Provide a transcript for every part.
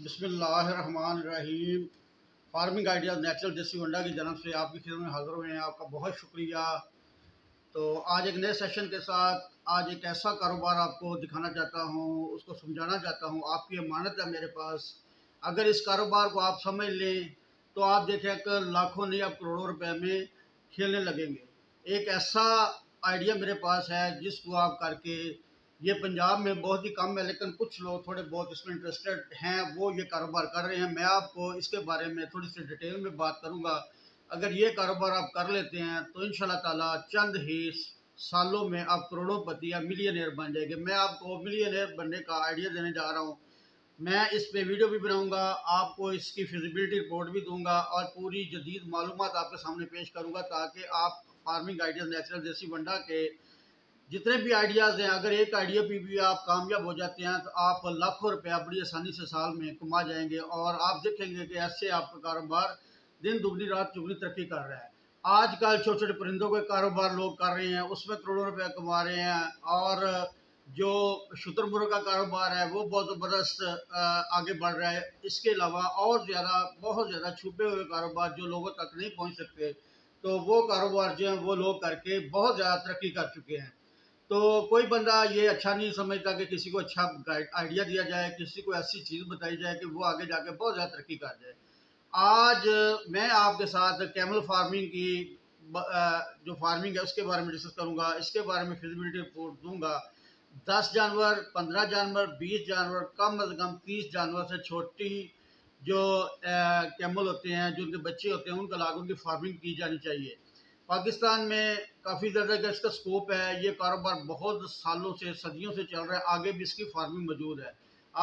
बिसमीम farming ideas natural Desi Wanda की जन्म से आपकी खिदमत में हाजिर हुए हैं आपका बहुत शुक्रिया तो आज एक नए सेशन के साथ आज एक ऐसा कारोबार आपको दिखाना चाहता हूँ उसको समझाना चाहता हूँ आपकी अमानत है मेरे पास अगर इस कारोबार को आप समझ लें तो आप देखें कि लाखों नहीं आप करोड़ों रुपए में खेलने लगेंगे एक ऐसा आइडिया मेरे पास है जिसको आप करके ये पंजाब में बहुत ही कम है लेकिन कुछ लोग थोड़े बहुत इसमें इंटरेस्टेड हैं वो ये कारोबार कर रहे हैं मैं आपको इसके बारे में थोड़ी सी डिटेल में बात करूँगा अगर ये कारोबार आप कर लेते हैं तो इन ताला चंद ही सालों में आप करोड़ोंपति या मिलियनर बन जाएंगे मैं आपको मिलियनर बनने का आइडिया देने जा रहा हूँ मैं इस पर वीडियो भी बनाऊंगा आपको इसकी फिजिबिलिटी रिपोर्ट भी दूंगा और पूरी जदीद मालूम आपके सामने पेश करूंगा ताकि आप farming idea natural Desi Wanda के जितने भी आइडियाज़ हैं अगर एक आइडिया पे भी आप कामयाब हो जाते हैं तो आप लाखों रुपया बड़ी आसानी से साल में कमा जाएंगे और आप देखेंगे कि ऐसे आपका कारोबार दिन दुगनी रात चुगनी तरक्की कर रहा है आजकल छोटे छोटे परिंदों के कारोबार लोग कर रहे हैं उसमें करोड़ों रुपया कमा रहे हैं और जो शुतरमुर्ग का कारोबार है वो बहुत ज़बरदस्त आगे बढ़ रहा है इसके अलावा और ज़्यादा बहुत ज़्यादा छुपे हुए कारोबार जो लोगों तक नहीं पहुँच सकते तो वो कारोबार जो है वो लोग करके बहुत ज़्यादा तरक्की कर चुके हैं तो कोई बंदा ये अच्छा नहीं समझता कि किसी को अच्छा आइडिया दिया जाए किसी को ऐसी चीज़ बताई जाए कि वो आगे जाके बहुत ज़्यादा तरक्की कर जाए आज मैं आपके साथ कैमल फार्मिंग की जो फार्मिंग है उसके बारे में डिस्कस करूंगा इसके बारे में फिजिबिलिटी रिपोर्ट दूंगा दस जानवर पंद्रह जानवर बीस जानवर कम अज कम तीस जानवर से छोटी जो कैमल होते हैं जो उनके बच्चे होते हैं उनका लाग उनकी फार्मिंग की जानी चाहिए पाकिस्तान में काफ़ी ज़्यादा का इसका स्कोप है ये कारोबार बहुत सालों से सदियों से चल रहा है आगे भी इसकी फार्मिंग मौजूद है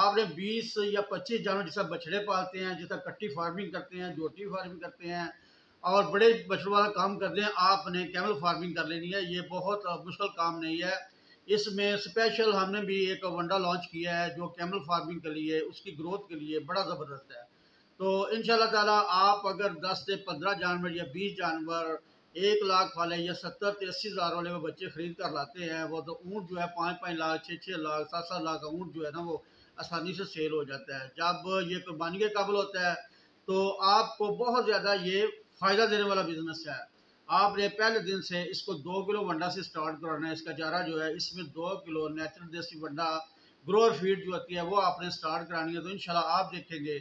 आपने 20 या 25 जानवर जैसा बछड़े पालते हैं जैसा कट्टी फार्मिंग करते हैं जोटी फार्मिंग करते हैं और बड़े बछड़ों वाला काम करते हैं आपने कैमल फार्मिंग कर लेनी है ये बहुत मुश्किल काम नहीं है इसमें स्पेशल हमने भी एक वंडा लॉन्च किया है जो कैमल फार्मिंग के लिए उसकी ग्रोथ के लिए बड़ा ज़बरदस्त है तो इन ताला आप अगर दस से पंद्रह जानवर या बीस जानवर एक लाख वाले या सत्तर से अस्सी हज़ार वाले वो बच्चे खरीद कर लाते हैं वो तो ऊँट जो है पाँच पाँच लाख छः छः लाख सात सात लाख का ऊँट जो है ना वो आसानी से सेल हो जाता है जब ये कुर्बानी के काबिल होता है तो आपको बहुत ज़्यादा ये फ़ायदा देने वाला बिजनेस है आपने पहले दिन से इसको दो किलो वंडा से स्टार्ट कराना है इसका चारा जो है इसमें दो किलो natural Desi Wanda grower feed जो होती है वो आपने स्टार्ट करानी है तो इन आप देखेंगे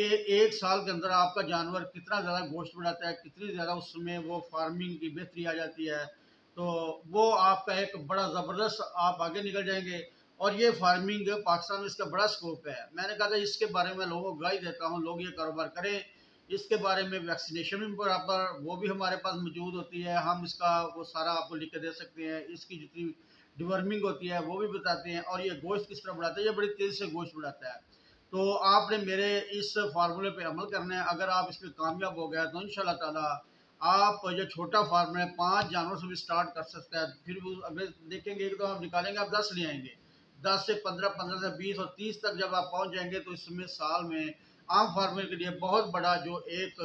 कि एक साल के अंदर आपका जानवर कितना ज़्यादा गोश्त बढ़ाता है कितनी ज़्यादा उसमें वो फार्मिंग की बेहतरी आ जाती है तो वो आपका एक बड़ा ज़बरदस्त आप आगे निकल जाएंगे और ये फार्मिंग पाकिस्तान में इसका बड़ा स्कोप है मैंने कहा था इसके बारे में लोगों को गाई देता हूँ लोग ये कारोबार करें इसके बारे में वैक्सीनेशन भी बराबर वो भी हमारे पास मौजूद होती है हम इसका वो सारा आपको लिख के दे सकते हैं इसकी जितनी डिवर्मिंग होती है वो भी बताते हैं और ये गोश्त किस तरह बढ़ाता है ये बड़ी तेज़ी से गोश्त बढ़ाता है तो आपने मेरे इस फार्मूले पे अमल करना है अगर आप इसमें कामयाब हो गए तो इन ताला आप जो छोटा फार्मूला है पाँच जानवरों से भी स्टार्ट कर सकते हैं फिर अगर देखेंगे तो आप निकालेंगे आप दस ले आएंगे दस से पंद्रह पंद्रह से बीस और तीस तक जब आप पहुँच जाएंगे तो इसमें साल में आम फार्मूले के लिए बहुत बड़ा जो एक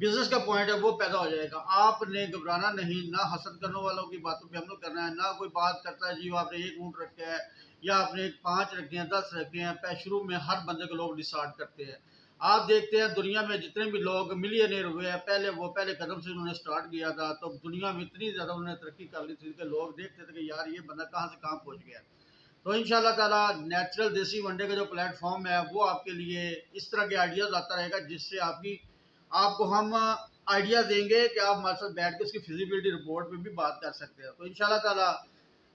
बिजनेस का पॉइंट है वो पैदा हो जाएगा आपने घबराना नहीं ना हसद करने वालों की बातों पे हमलोग करना है ना कोई बात करता है जी आपने एक ऊँट रखा है या आपने पाँच रखे हैं दस रखे हैं पैशरू में हर बंदे को लोग डिसाइड करते हैं आप देखते हैं दुनिया में जितने भी लोग मिलियनर हुए हैं पहले वो पहले कदम से उन्होंने स्टार्ट किया था तो दुनिया में इतनी ज़्यादा उन्होंने तरक्की कर ली थी कि लोग देखते थे कि यार ये बंदा कहाँ से कहाँ पहुँच गया तो इन ताला नेचुरल देसी वनडे का जो प्लेटफॉर्म है वो आपके लिए इस तरह के आइडियाज़ आता रहेगा जिससे आपकी आपको हम आइडिया देंगे कि आप हमारे साथ बैठ के उसकी फिजिबिलिटी रिपोर्ट में भी बात कर सकते हैं तो इन ताला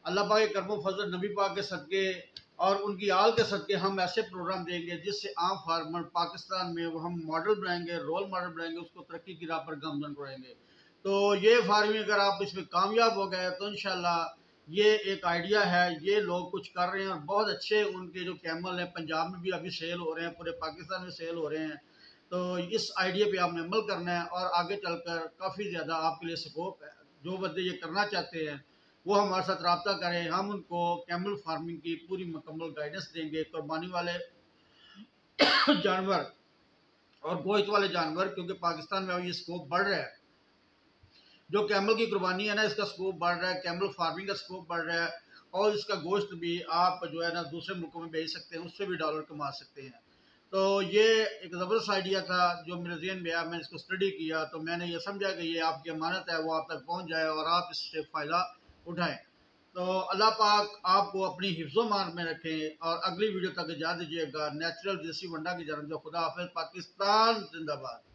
अल्लाह पाक के कर्म फजल नबी पाक के सदक़े और उनकी आल के सदक़े हम ऐसे प्रोग्राम देंगे जिससे आम फार्मर पाकिस्तान में वो हम मॉडल बनाएंगे रोल मॉडल बनाएंगे उसको तरक्की की राह पर गमजन करेंगे तो ये फार्मिंग अगर आप इसमें कामयाब हो गए तो इन ये एक आइडिया है ये लोग कुछ कर रहे हैं और बहुत अच्छे उनके जो कैमल हैं पंजाब में भी अभी सेल हो रहे हैं पूरे पाकिस्तान में सेल हो रहे हैं तो इस आइडिया पे आपने अमल करना है और आगे चलकर काफ़ी ज़्यादा आपके लिए स्कोप है जो बंदे ये करना चाहते हैं वो हमारे साथ रबता करें हम उनको कैमल फार्मिंग की पूरी मकम्मल गाइडेंस देंगे कुरबानी वाले जानवर और गोश्त वाले जानवर क्योंकि पाकिस्तान में अभी ये स्कोप बढ़ रहा है जो कैमल की कुर्बानी है ना इसका स्कोप बढ़ रहा है कैमल फार्मिंग का स्कोप बढ़ रहा है और इसका गोश्त भी आप जो है ना दूसरे मुल्कों में बेच सकते हैं उससे भी डॉलर कमा सकते हैं तो ये एक ज़बरदस्त आइडिया था जो मेरे जहन में आया मैंने इसको स्टडी किया तो मैंने ये समझा कि ये आपकी अमानत है वो आप तक पहुँच जाए और आप इससे फ़ायदा उठाएं तो अल्लाह पाक आपको अपनी हिफ्ज़ो मार में रखें और अगली वीडियो तक जा दीजिएगा नेचुरल देसी वंडा की जानब खुदा हाफिज पाकिस्तान जिंदाबाद